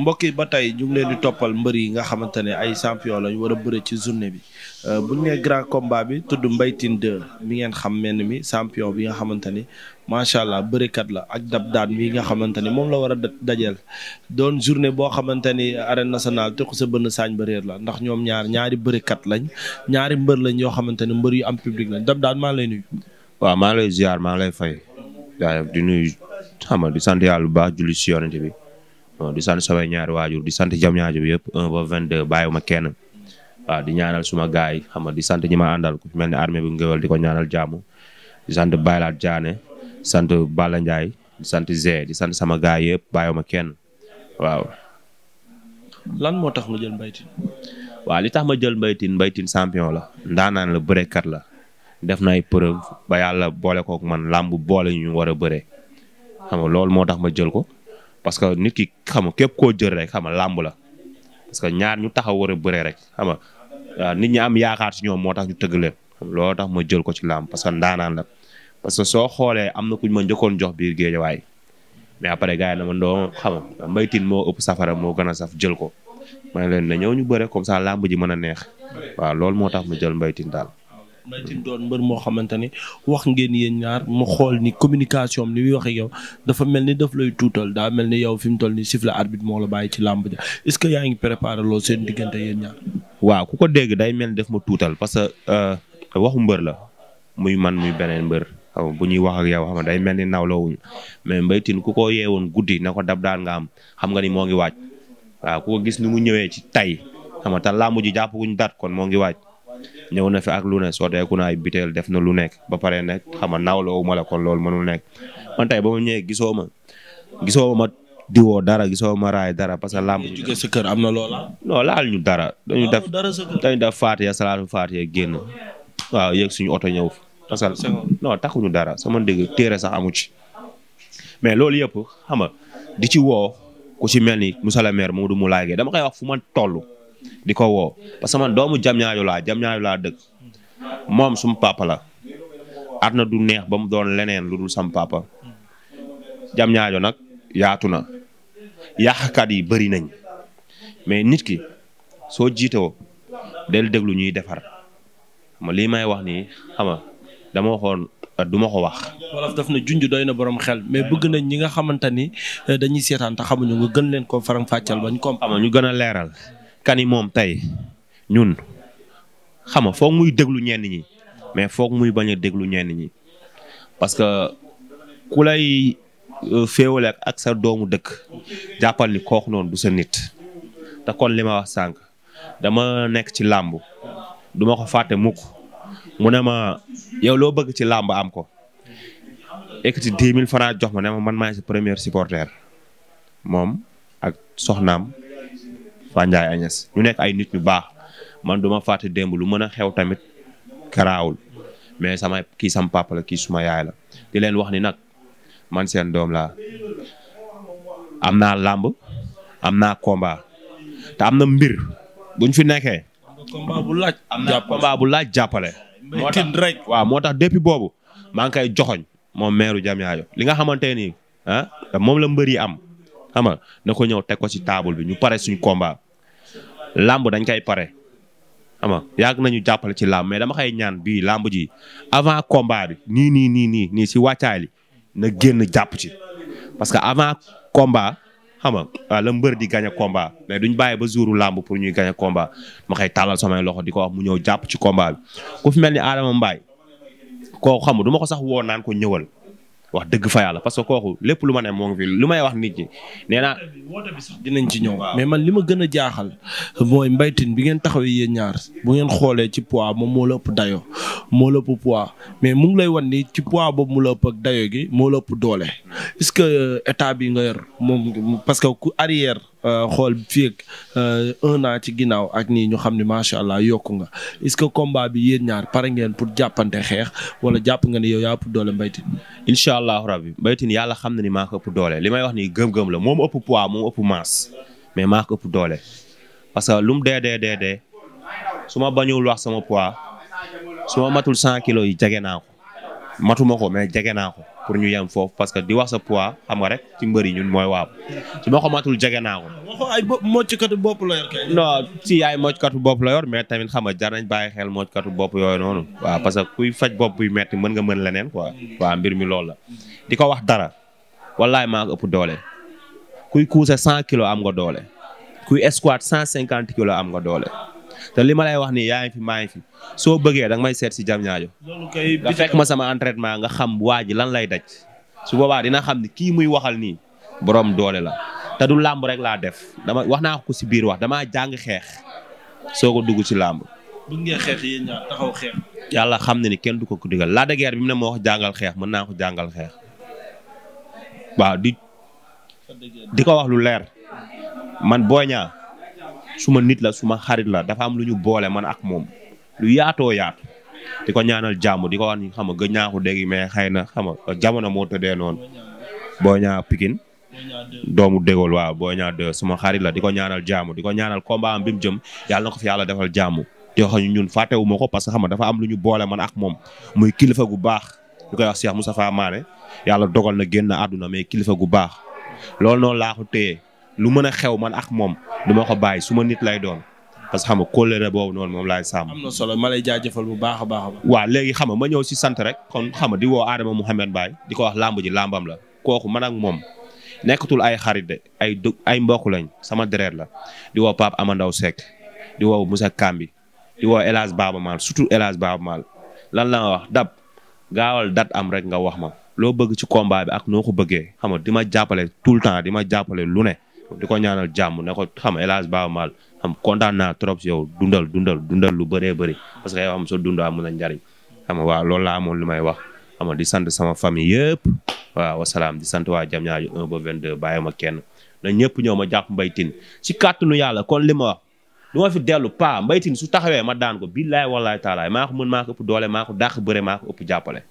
mbokk yi ba tey ñu leen di toppal mbër yi nga xamante ne ay champion lañ war a bëre ci journée bi euh, bu ñu nee grand combat bi tudd mbay Tine 2 mi ngeen xam mel mi champion bi nga xamante ni macha allah bërikat la ak dab daan mi nga xamante ni moom la war a dajeel doon journée boo xamante ni arène nationale te ku bënn saañ ba réer la ndax ñoom ñaar ñaari bërikat lañ ñaari mbër lañ yoo xamante ni mbër yu am public lañ dab daan maa lay nuy waa maa lay ziar maa lay fay. di nuyu xam di sant yàlla bu baax julli si yonent bi. di sant sama ñaari waajur di sant jam ñaajo bi yëpp 1 ba 22 bàyyiwuma kenn waaw di ñaanal suma gaay yi xam nga di sant ñi ma àndal ku mel ni armée bu ngéwél di ko ñaanal jàmm di sant Baylaat Diané sant Balla Ndiaye di sant Zé di sant sama gaay yëpp bàyyiwuma kenn waaw. lan moo tax nga jël mbaytin waaw li tax ma jël mbaytin mbaytin sampion la ndaanaan la bërekat la def na ay preuve ba yàlla boole kook man làmb boole ñu war a bëre xam nga loolu moo tax ma jël ko. parce que nit ki xam nga képp koo jël rek xam nga làmb la parce que ñaar ñu taxaw war a bëree rek xam nga nit ñi am yaakaar ci ñoom moo tax ñu tëgg leen loolu tax ma jël ko ci làmb parce que ndaanaan la parce que soo xoolee am na kuñ ma njëkkoon jox biir géejawaay mais après gars yi na ma ndoo xam mbaytin moo ëpp safara moo gën a saf jël ko ma ne leen na ñëw ñu bëre comme ça làmb ji mën a neex waaw loolu moo tax ma jël mbaytin daal Mbaye Tine mbër moo xamante ni wax ngeen yéen ñaar mu xool ni communication am ni muy waxee yow dafa mel ni def lay tuutal daa mel ni yow fi mu toll nii sifflet arbitre moo la bàyyi ci làmb ja est-ce que yaa ngi préparé loolu seen diggante yéen ñaar. waaw ku ko dégg day mel ni daf ma tuutal parce que euh, waxu mbër la muy man muy beneen mbër xaw bu ñuy wax ak yow xam nga day mel ni nawlawuñ mais Mbaye ku ko yeewoon guddi na ko dab daan nga xam nga ni moo ngi waaj waaw ku ko gis ni mu ñëwee ci tay xam nga te làmb ji jàppaguñ dat kon moo ngi waaj. ñëw na fi ak lu ne sooteeku na ay biteel def na lu nekk ba pare nag xam nga nawloo ma la kon loolu mënul nekk man tey ba ma ñëwee gisoo ma gisoo ma diwoo dara gisoo ma raay dara parce que làmb jugee sa kër am na loola non laal ñu dara dañu def dañu def faatiya salaatu faatiya génn waaw yéeg suñu oto ñëw parce que non taxuñu dara sama dégg téere sax amu ci mais loolu yëpp xam di ci woo ku ci mel ni monsieur le maire Modou Moulaye Gueye dama koy wax fu ma toll di ko woo parce que man doomu jam laa jam laa dëkk moom sum papa la na du neex ba mu doon leneen lu dul sam papa jam nag yaatu na yàqkat yi bari nañ mais nit ki soo jiitoo del déglu ñuy defar ma lii may wax nii xam dama waxoon euh, du ko wax. wolof daf na junj doy na borom xel mais bëgg nañ ñi nga xamante ni euh, dañuy seetaan te xamuñu nga gën leen koo faram fàcceel ba ñu comprendre. ñu gën a leeral. kani moom tey ñun xam nga foog muy déglu ñenn ñi mais foog muy bañ a déglu ñenn ñi parce que ku lay euh, ak sa doomu dëkk jàppal ni kooku du sa nit te kon li ma wax sànq dama nekk ci làmb du ko fàtte mukk mu ne ma yow loo bëgg ci làmb am ko ekkati dix mille francs jox ma ne man maay sa premier supporter moom ak soxnaam Fandiaye Agnès ñu nekk ay nit ñu baax man du ma fàtte démb lu mën a xew tamit karaawul mais sama kii sama papa la kii suma yaay la di leen wax ni nag man seen doom laa am naa làmb am naa combat te am na mbir buñ fi nekkee. combat bu laaj. bu laaj jàppale. moo tax rek moo tax depuis boobu maa ngi koy joxoñ moom meeru Diamniadio li nga xamante ni ah, moom la mbër yi am. xam nga na ko ñëw teg ko ci table bi ñu pare suñu combat làmb dañ koy pare xam nga yàgg nañu jàppale ci làmb mais dama xay ñaan bii làmb ji avant combat bi nii nii nii nii nii si wàccaay li na génn jàpp ci parce que avant combat xam nga ah, la mbër di gagné combat mais duñ bàyyi ba jouru làmb pour ñuy gagné combat ma xay tàllal samay loxo di ko mu ñëw jàpp ci combat bi ku fi mel ni Adama Mbaye koo xam du ma ko sax woo naan ko ñëwal. wax dëgg fa yàlla parce que kooku lépp lu ma ne moo fi lu may wax nit ñi nee naa. dinañ ci ñëw. mais man li ma gën a jaaxal mooy mbaytin bi ngeen taxawee yéen ñaar bu ngeen xoolee ci poids moom moo la ëpp dayoo moo la ëpp poids mais mu ngi lay wan ni ci poids boobu mu la ëpp ak gi moo la ëpp doole est que euh, état bi nga yor moom parce que ku arrière. Euh, xool fii ak euh, un an ci ginnaaw ak nii ñu xam ne macha allah yokku nga est-ce que combat bi yéen ñaar pare ngeen pour jàppante xeex wala jàpp nga ne yow yaa ëpp doole mbaytin incha allahu rabbi mbaytin yàlla xam na ni maa ko ëpp doole li may wax ni gëm-gëm la moom ëpp poids moom ëpp masse mais maa ko ëpp doole parce que lu mu dee dee dee su ma bañul wax sama poids su ma matul cent kilos yi jege naa ko matuma ko mais jege naa ko. pour ñu yem foofu parce que di wax sa poids xam nga rek ci mbër yi ñun mooy waaw su ma xamatul jege naa ko. waxoo ay moccikatu bopp la yor kay. non si bopp la yor mais tamit xama nga jar nañ bàyyi xel moccikatu bopp yooyu noonu. waaw parce que kuy faj bopp buy metti mën nga mën leneen quoi. waaw mbir mi loolu la. di ko wax dara wallaay maa ko ëpp doole kuy coucher cent kilos am nga doole kuy squat cent cinquante kilos am nga doole. te li ma lay wax nii yaay fi maa ngi fi soo bëggee danga nga may seet si jam ñaajo nga fekk ma sama entraînement nga xam waa ji lan lay daj su boobaa dina xam ni kii muy waxal nii borom doole la te du làmb rek laa def dama wax naa ko si biir wax damaa jàng xeex soo ko dugg si làmb. yàlla xam na ni kenn du ko ko digal Lac de bi mu ne ma jàngal xeex mën naa ko jàngal xeex waaw di di ko wax lu leer man Boy Niang suma nit la suma xarit la dafa am lu ñu boole man ak moom lu yaatoo yaat di ko ñaanal jàmm di ko wax ni xam nga gëj naa ko dégg mais xëy na xam nga jamono moo tëddee noonu boo ñaa Pikine doomu dégool waaw boo ñaa de suma xarit la di ko ñaanal jàmm di ko ñaanal combat am bi mu jëm yàlla na ko fi yàlla defal jàmm di wax ñun fàttewu ma ko parce que xam dafa am lu ñu boole man ak moom muy kilifa gu baax di koy wax Cheikh Moustapha Mané yàlla dogal na génn àdduna mais kilifa gu baax lu mën a xew man ak moom duma ko bàyyi suma nit lay doon parce que xam nga boobu noonu moom laay sàmm. am na solo ma lay bu baax a baax baax. waaw léegi xam nga ma ñëw si sant rek kon xam nga di woo Adama Mouhamed baay di ko wax làmb ji làmbam la kooku man ak moom nekkatul ay xarit ay du ay mbokk lañ sama dereet la di woo Pape Amandaw Seck di woo Moussa Kambi di woo élage Hadj Baba Mal surtout El Hadj Baba Mal lan la wax dab gaawal dat am rek nga wax ma loo bëgg ci combat bi ak noo ko bëggee xam nga di ma jàppale tout le temps di ma jàppale lu ne. di ko ñaanal jàmm ne ko xam hélas Baaba Maal xam kontaan naa trop si yow dundal dundal lu bëree bëri parce que yow xam sa dund amul na njariñ xam nga waaw loolu lu may wax xam di sant sama famille yëpp waaw wasalaam di sant waa jam ñaaju 1 ba 22 ma kenn na ñëpp ñëw ma jàpp mbaytin si kàttanu yàlla kon li ma wax du fi dellu pa mbaytin su taxawee ma daan ko billaay wallaay taalaay maa ko mën maa ko ëpp doole maa ko dàq bëre maa ëpp jàppale